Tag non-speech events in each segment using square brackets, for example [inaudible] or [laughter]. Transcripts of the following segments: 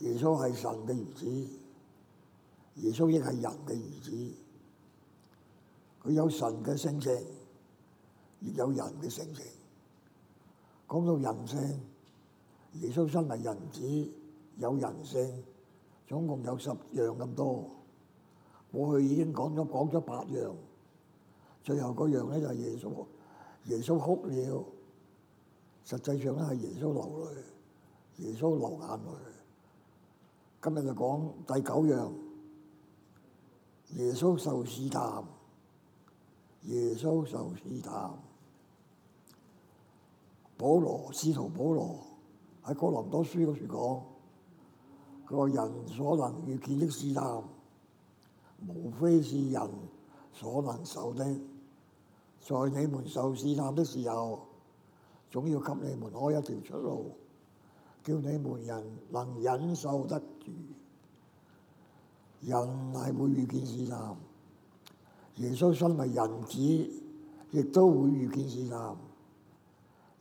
耶穌係神嘅兒子，耶穌亦係人嘅兒子。佢有神嘅性情，亦有人嘅性情。講到人性，耶穌身為人子，有人性，總共有十樣咁多。我去已經講咗講咗八樣，最後嗰樣呢就係耶穌。耶穌哭了，實際上呢係耶穌流淚，耶穌流眼淚。今日就講第九樣，耶穌受試探。耶穌受試探，保羅使徒保羅喺哥林多書嗰處講，佢話人所能遇見的試探，無非是人所能受的。在你們受試探的時候，總要給你們開一條出路，叫你們人能忍受得。人係會遇見試探，耶穌身為人子，亦都會遇見試探。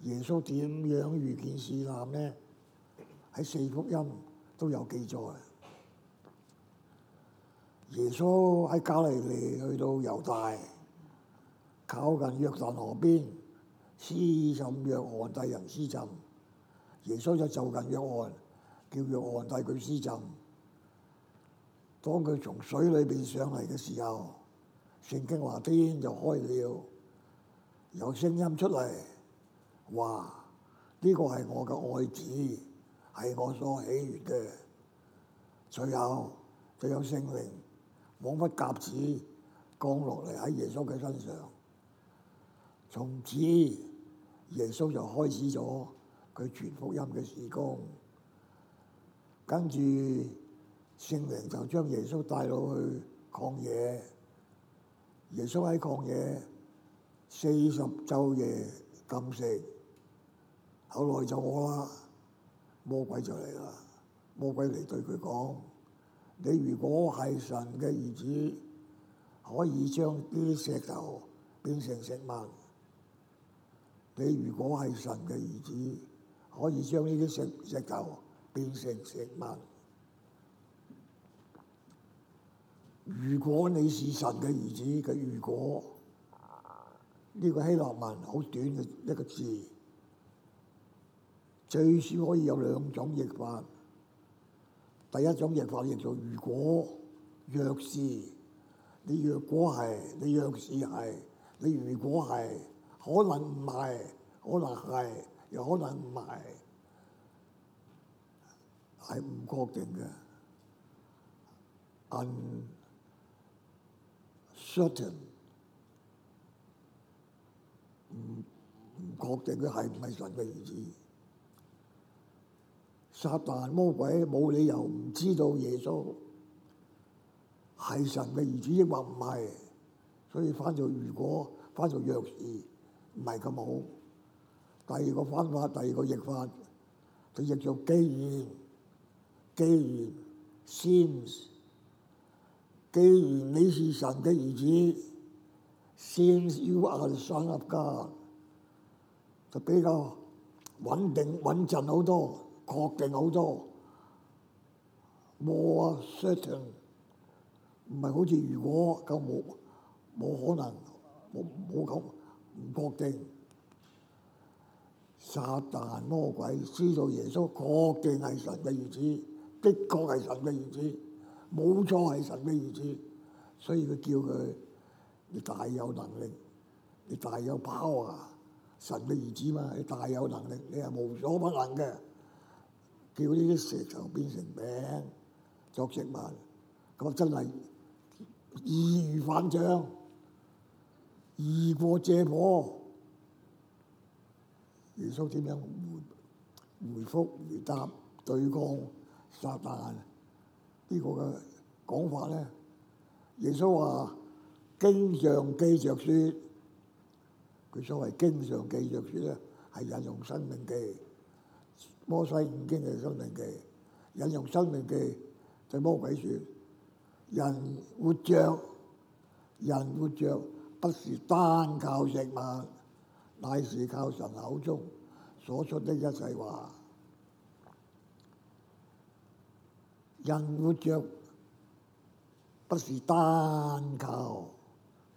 耶穌點樣遇見試探呢？喺四福音都有記載。耶穌喺加利利去到猶大，靠近約旦河邊施浸約翰帶人施浸，耶穌就就近約翰，叫約翰帶佢施浸。當佢從水裏邊上嚟嘅時候，聖經話天就開了，有聲音出嚟話：呢、這個係我嘅愛子，係我所喜悅嘅。最後就有聖靈，彷彿鴿子降落嚟喺耶穌嘅身上。從此，耶穌就開始咗佢全福音嘅事工。跟住。聖靈就將耶穌帶落去曠野，耶穌喺曠野四十晝夜禁食，後來就餓啦，魔鬼就嚟啦，魔鬼嚟對佢講：你如果係神嘅兒子，可以將呢啲石頭變成食物；你如果係神嘅兒子，可以將呢啲石石頭變成食物。如果你是神嘅兒子，嘅如果呢、這個希臘文好短嘅一個字，最少可以有兩種譯法。第一種譯法譯做如果，若是你若果係，你若是係你如果係，可能唔係，可能係又可能唔係，係唔確定嘅。按唔確定佢係唔係神嘅兒子。撒旦魔鬼冇理由唔知道耶穌係神嘅兒子，抑或唔係。所以翻做，如果翻做若是，唔係咁好。第二個翻法，第二個譯法，佢譯做既然、既然、先。既然你是神嘅兒子，since you are son of God，就比較穩定穩陣好多，確定好多，more certain，唔係好似如果咁冇冇可能冇冇咁唔確定。撒但魔鬼知道耶穌確定係神嘅兒子，的確係神嘅兒子。冇錯係神嘅兒子，所以佢叫佢，你大有能力，你大有把握啊！神嘅兒子嘛，你大有能力，你係無所不能嘅。叫呢啲石頭變成餅，作食物，咁啊真係易如反掌，易過借火。耶穌點樣回回覆、回答、對抗撒旦？個呢個嘅講法咧，耶穌話：經上記着説，佢所謂經上記着説咧，係引用申命記，摩西五經嘅申命記，引用申命記就魔鬼説：人活著，人活著不是單靠食物，乃是靠神口中所出的一切話。人活着不是單靠、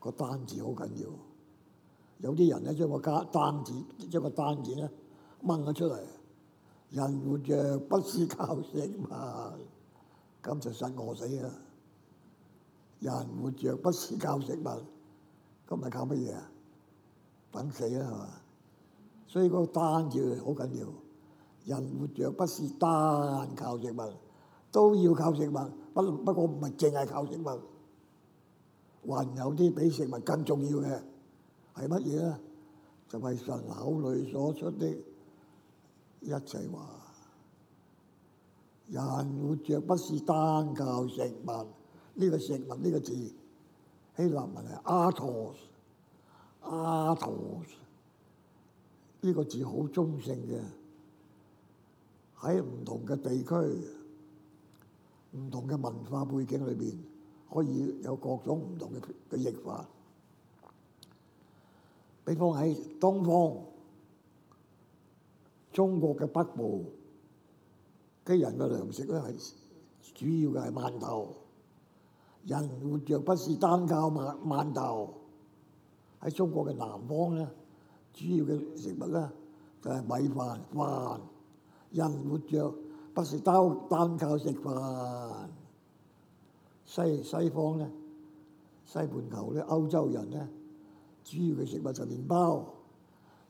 那個單字好緊要，有啲人咧，將個單字將個單字咧掹咗出嚟。人活着不是靠食物，咁就真係餓死啦。人活着不是靠食物，咁咪靠乜嘢啊？等死啦係嘛？所以個單字好緊要。人活着不是單靠食物。都要靠食物，不不過唔係淨係靠食物，還有啲比食物更重要嘅係乜嘢咧？就係、是、神口裡所出的一切話。人活着不是單靠食物，呢、這個食物呢個字希臘文係 artos，artos，呢個字好中性嘅，喺唔同嘅地區。唔同嘅文化背景裏邊，可以有各種唔同嘅嘅譯法。比方喺東方，中國嘅北部嘅人嘅糧食咧係主要嘅係饅頭，人活著不是單靠饅饅頭。喺中國嘅南方咧，主要嘅食物咧就係米飯飯，人活著。不是單單靠食飯。西西方咧，西半球咧，歐洲人咧，主要嘅食物就麵包。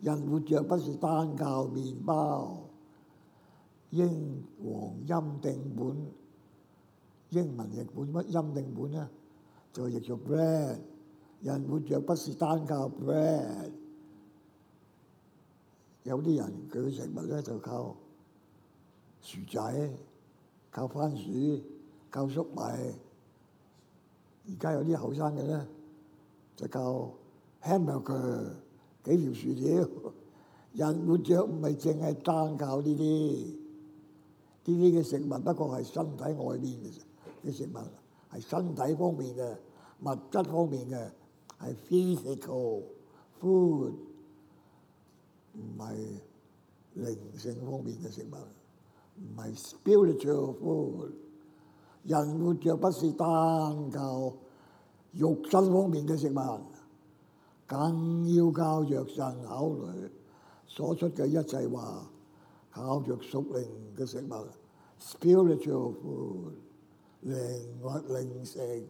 人活着不是單靠麵包。英皇欽定本，英文譯本乜欽定本咧，就係譯做 bread。人活着不是單靠 bread。有啲人佢嘅食物咧就靠。薯仔、靠番薯、靠粟米，而家有啲後生嘅咧，就靠 hammer 佢幾條薯條。人活着唔係淨係單靠呢啲，呢啲嘅食物不過係身體外邊嘅食物，係身體方面嘅物質方面嘅，係 physical food，唔係靈性方面嘅食物。唔係 spiritual food，人活着不是單靠肉身方面嘅食物，更要靠著神口裡所出嘅一切話，靠著屬靈嘅食物 spiritual food，靈魂靈食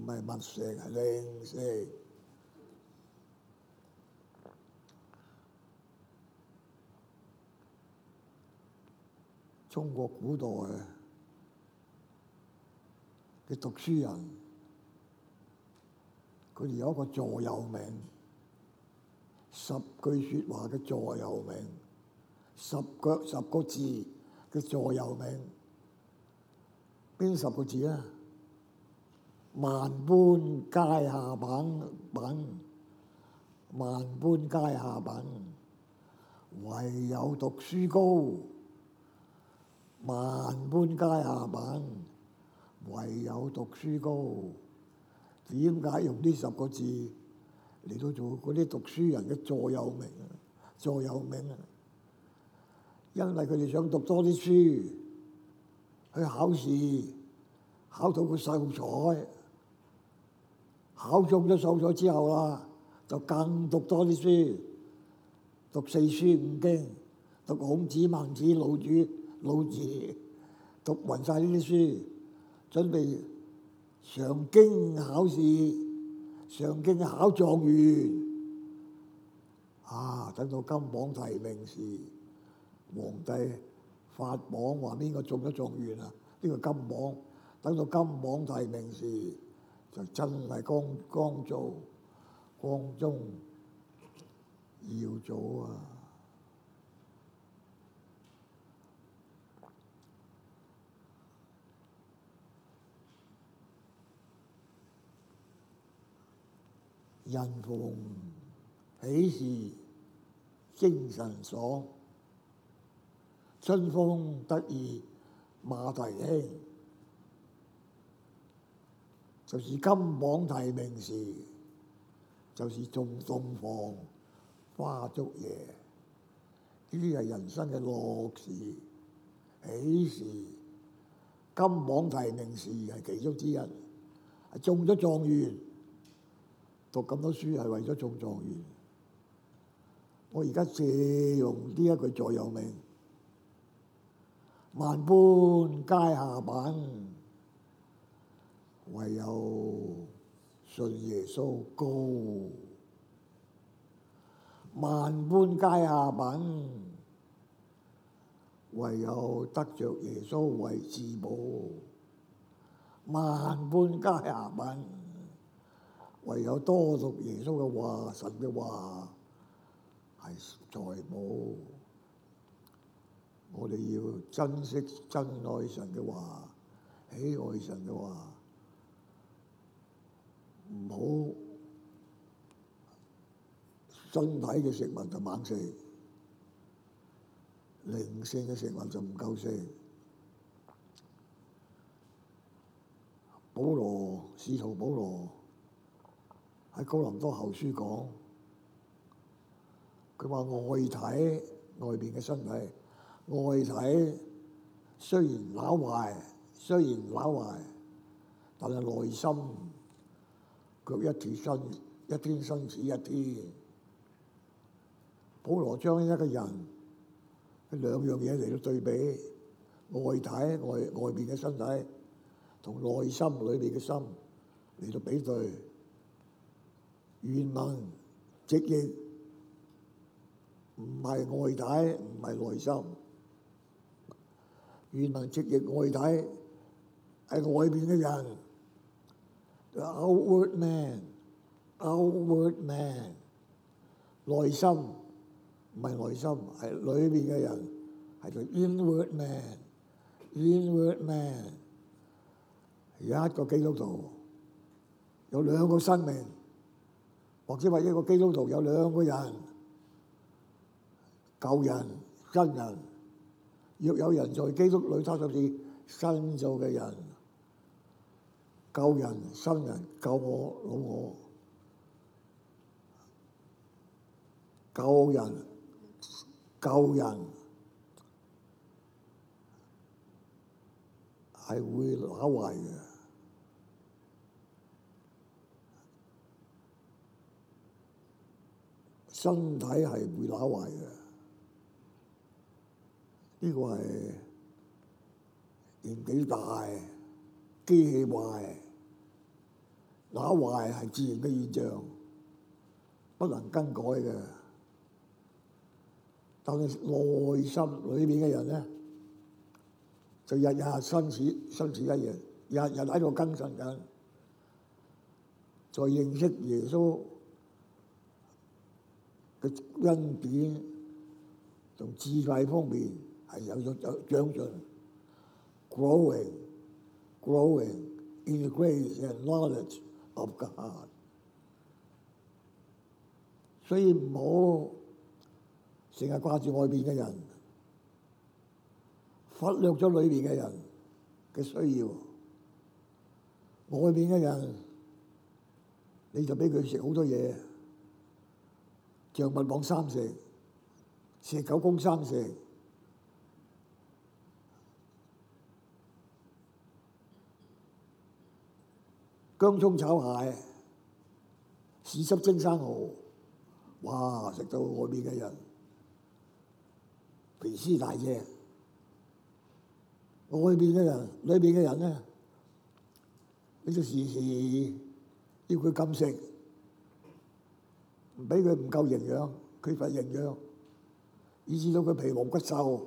唔係物食，係靈食。中國古代嘅讀書人，佢哋有一個座右銘，十句説話嘅座右銘，十個，十個字嘅座右銘。邊十個字啊？萬般皆下品，品萬般皆下品，唯有讀書高。萬般皆下品，唯有讀書高。點解用呢十個字嚟到做嗰啲讀書人嘅座右銘？座右銘啊！因為佢哋想讀多啲書，去考試，考到個秀才。考中咗秀才之後啦，就更讀多啲書，讀四書五經，讀孔子孟子老莊。老子讀匀晒呢啲書，準備上京考試，上京考狀元。啊！等到金榜題名時，皇帝發榜話：呢個中咗狀元啊！呢個金榜。等到金榜題名時，就真係光光宗光宗耀祖啊！人逢喜事精神爽，春風得意馬蹄輕，就是金榜題名時，就是洞房花燭夜，呢啲係人生嘅樂事。喜事金榜題名時係其中之一，係中咗狀元。讀咁多書係為咗做狀元，我而家借用呢一句座右銘：萬般皆下品，唯有信耶穌高。萬般皆下品，唯有得着耶穌為至寶。萬般皆下品。唯有多讀耶穌嘅話、神嘅話，係財寶。我哋要珍惜、珍愛神嘅話，喜愛神嘅話，唔好身體嘅食物就猛食，靈性嘅食物就唔夠食。保羅、使徒保羅。喺高林多後書講，佢話外體、外邊嘅身體，外體雖然攪壞，雖然攪壞，但係內心，卻一天新一天新似一天。保羅將一個人兩樣嘢嚟到對比，外體外外邊嘅身體，同內心裏邊嘅心嚟到比對。原文直譯唔係外體，唔係內心。原文直譯外體係外邊嘅人，outward man，outward man。內心唔係內心，係裏邊嘅人，係 inward man，inward man。而家一個基督徒有兩個生命。或者話一個基督徒有兩個人，舊人、新人。若有人在基督裏，他就是新造嘅人。舊人、生人，救我老我，舊人、舊人，係會愛嘅。身體係會打壞嘅，呢個係年紀大、機器壞、打壞係自然嘅現象，不能更改嘅。但係內心裏面嘅人咧，就日日新似，新似一樣，日日喺度更新緊，就認識耶穌。嘅恩典同智慧方面係有咗長進，growing，growing，in the grace and the knowledge of God。所以唔好成日掛住外邊嘅人，忽略咗裏邊嘅人嘅需要。外邊嘅人，你就俾佢食好多嘢。象拔蚌三食，石狗公三食，薑葱炒蟹，豉汁蒸生蠔，哇！食到外邊嘅人肥屍大隻，外邊嘅人，裏邊嘅人咧，呢啲事事要佢咁食。唔俾佢唔夠營養，缺乏營養，以至到佢皮毛骨瘦。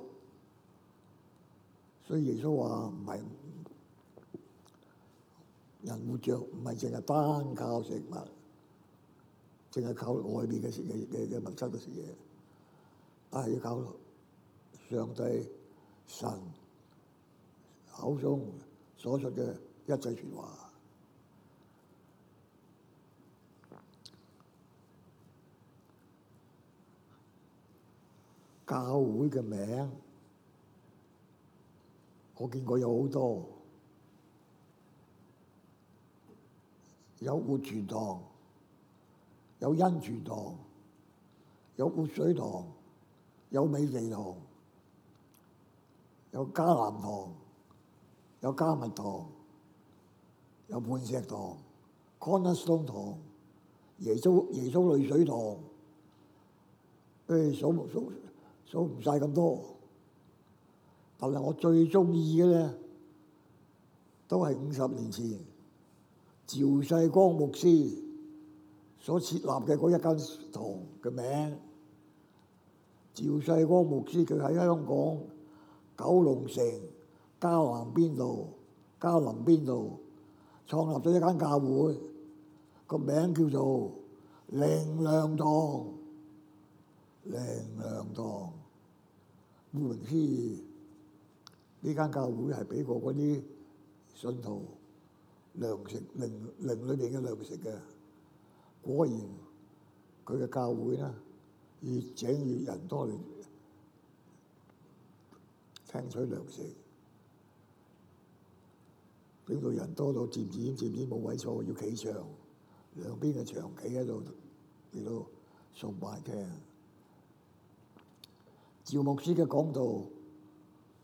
所以耶穌話，唔係人活着唔係淨係單靠食物，淨係靠外邊嘅食嘅嘅嘅物質嘅食嘢，但係要靠上帝神口中所出嘅一切說話。教會嘅名，我見過有好多，有活泉堂，有恩泉堂，有活水堂，有美地堂，有迦南堂，有迦密堂，有磐石堂，Cornerstone 堂，耶穌耶穌淚水堂，誒索木索。數唔晒咁多，但係我最中意嘅咧，都係五十年前趙世光牧師所設立嘅嗰一間堂嘅名。趙世光牧師佢喺香港九龍城嘉林邊道？嘉林邊道？創立咗一間教會，個名叫做靈糧堂。靈糧堂，顧名思義，呢間教會係俾過嗰啲信徒糧食，靈靈裏邊嘅糧食嘅。果然佢嘅教會咧越整越人多，嚟聽取糧食，令到人多到漸漸漸漸冇位坐，要企場兩邊嘅牆企喺度，變到上百廳。趙牧師嘅講道，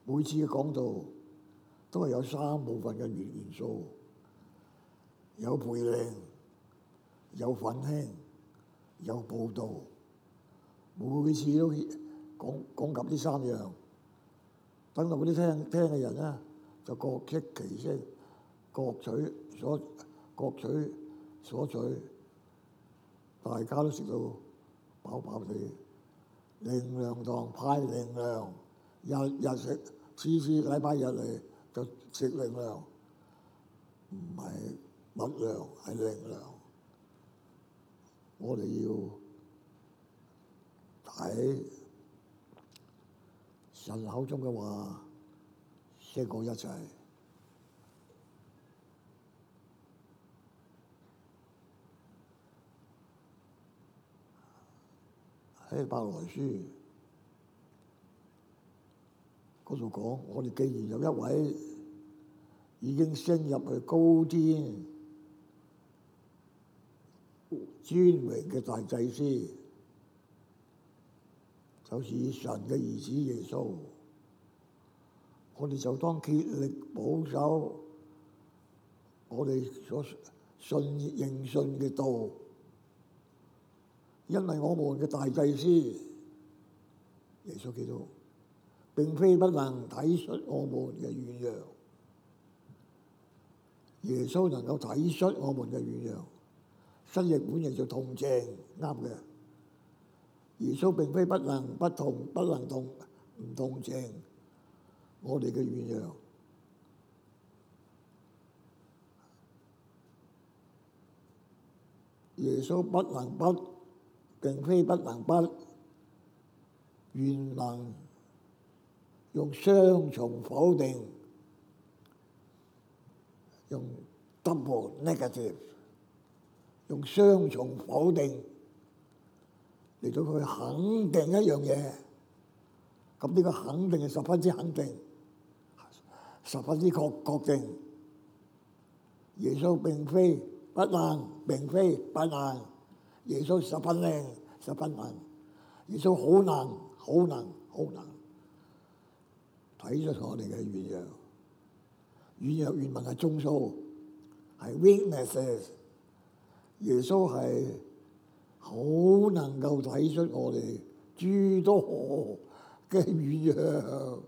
每次嘅講道都係有三部分嘅元素，有培靈，有奮興，有報道，每次都講講及呢三樣，等到嗰啲聽聽嘅人咧，就各識其聲，各取所各取所取，大家都食到飽飽哋。靈糧堂派靈糧，日日食，次次禮拜日嚟就食靈糧，唔係物糧，係靈糧。我哋要睇人口中嘅話，先講一齊。喺《希伯來書》嗰度講，我哋既然有一位已經升入去高天尊榮嘅大祭司，就是神嘅兒子耶穌，我哋就當竭力保守我哋所信認信嘅道。因為我們嘅大祭司耶穌基督並非不能體恤我們嘅軟弱，耶穌能夠體恤我們嘅軟弱，新譯本譯就同情啱嘅。耶穌並非不能不同，不能同唔同情，我哋嘅軟弱，耶穌不能不。並非不能不，願能用雙重否定，用 double negative，用雙重否定嚟到佢肯定一樣嘢。咁呢個肯定係十分之肯定，十分之確確定。耶穌並非不能，並非不能。耶穌十分靚，十分難。耶穌好難，好難，好難睇出我哋嘅軟弱。軟弱，原文係眾數，係 weaknesses。耶穌係好能夠睇出我哋諸多嘅軟弱，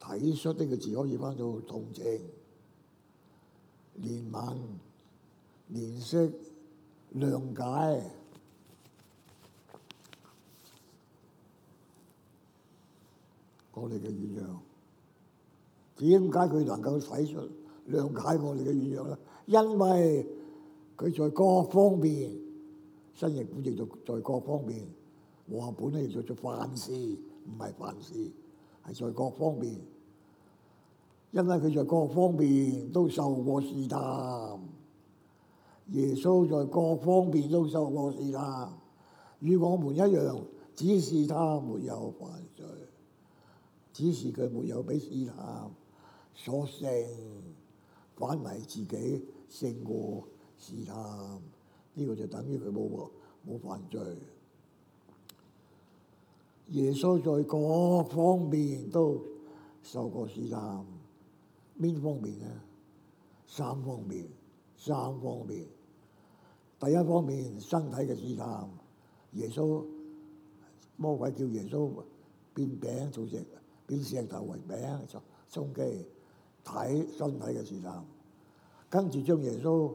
睇出呢個字可以翻到同情、憐憫、憐惜。諒解我哋嘅軟弱，點解佢能夠使出諒解我哋嘅軟弱咧？因為佢在各方面，新譯股正在在各方面，和合本咧亦在做凡事，唔係凡事，係在各方面。因為佢在各方面都受過試探。耶穌在各方面都受過試探，與我們一樣，只是他沒有犯罪，只是佢沒有俾試探所勝，反為自己勝過試探，呢、這個就等於佢冇冇犯罪。耶穌在各方面都受過試探，邊方面呢？三方面，三方面。第一方面，身體嘅試探，耶穌魔鬼叫耶穌變餅做只變石頭為餅嘅衝擊，睇身體嘅試探，跟住將耶穌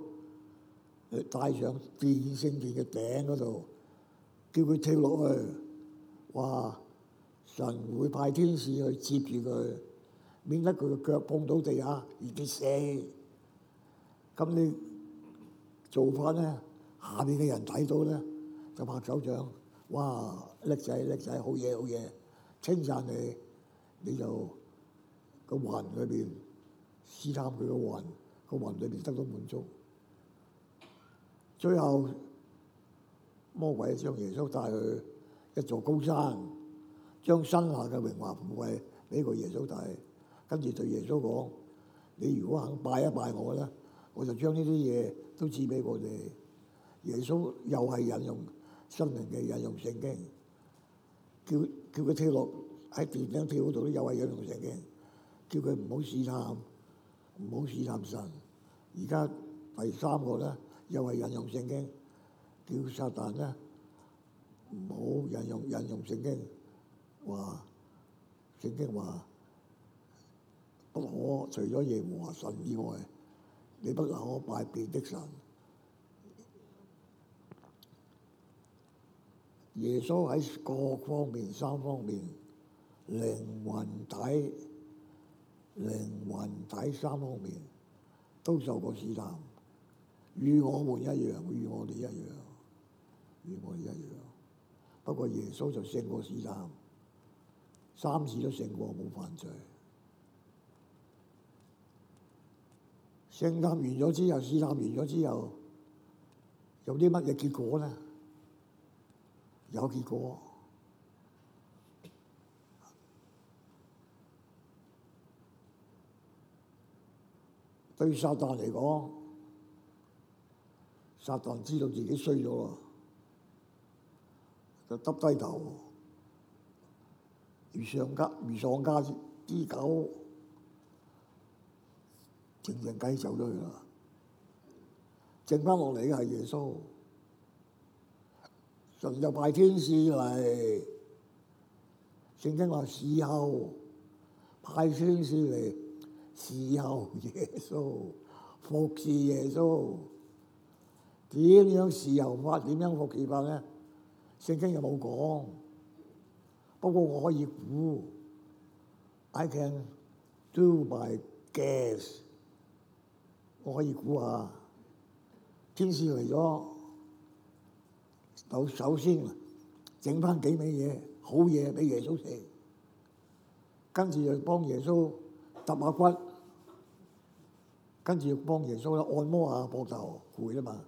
帶、呃、上變聖殿嘅頂嗰度，叫佢跳落去，話神會派天使去接住佢，免得佢嘅腳碰到地下而跌死。咁你做法咧？下邊嘅人睇到咧，就拍手掌，哇！叻仔叻仔，好嘢好嘢，稱讚你，你就個魂裏邊試探佢個魂，個魂裏邊得到滿足。最後魔鬼將耶穌帶去一座高山，將山下嘅榮華富貴俾個耶穌睇，跟住對耶穌講：你如果肯拜一拜我咧，我就將呢啲嘢都賜俾我哋。耶穌又係引用新約嘅引用聖經，叫叫佢跳落喺殿頂跳度咧，又係引用聖經，叫佢唔好試探，唔好試探神。而家第三個咧，又係引用聖經，叫撒旦呢。咧，唔好引用引用聖經，話聖經話不可除咗耶和華神以外，你不可拜別的神。耶穌喺各方面三方面，靈魂體、靈魂體三方面都受過試探，與我們一樣，與我哋一樣，與我哋一樣。不過耶穌就勝過試探，三次都勝過冇犯罪。試探完咗之後，試探完咗之後，有啲乜嘢結果咧？有結果。對撒但嚟講，撒但知道自己衰咗啦，就耷低頭，如喪家如喪家之狗，靜靜雞走咗去啦，剩翻落嚟嘅係耶穌。神就派天使嚟，聖經話侍候，派天使嚟侍候耶穌，服侍耶穌。點樣侍候法？點樣服侍法咧？聖經又冇講，不過我可以估。I can do my guess，我可以估下，天使嚟咗。首先整翻幾味嘢好嘢俾耶穌食，跟住又幫耶穌揼下骨，跟住幫耶穌按摩下膊頭，攰啦嘛。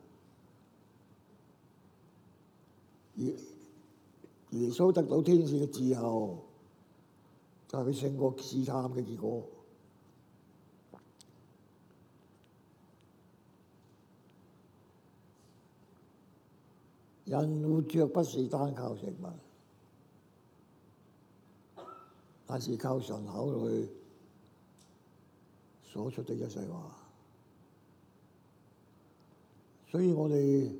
耶穌得到天使嘅恵佑，就係、是、佢勝過試探嘅結果。人活着不是單靠食物，而是靠神口裡所出的一世話。所以我哋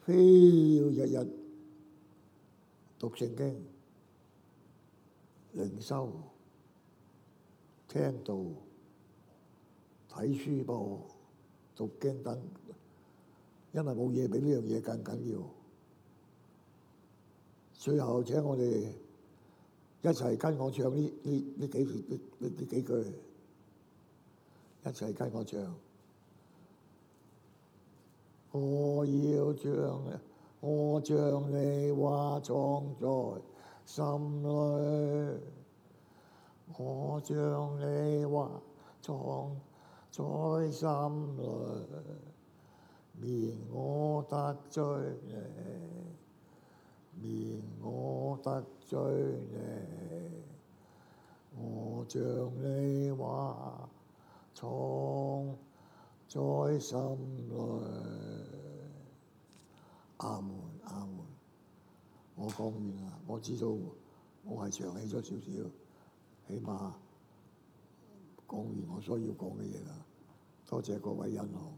非要日日讀聖經、靈修、聽道、睇書報、讀經等。因為冇嘢比呢樣嘢更緊要。最後，請我哋一齊跟我唱呢呢呢幾呢幾句，一齊跟我唱。 [music] 我要將，我將你，你話藏在心裏，我將你話藏在心裏。免我得罪你，免我得罪你，我將你話藏在心內。阿門阿門。我講完啦，我知道我係長氣咗少少，起碼講完我需要講嘅嘢啦，多謝各位恩浩。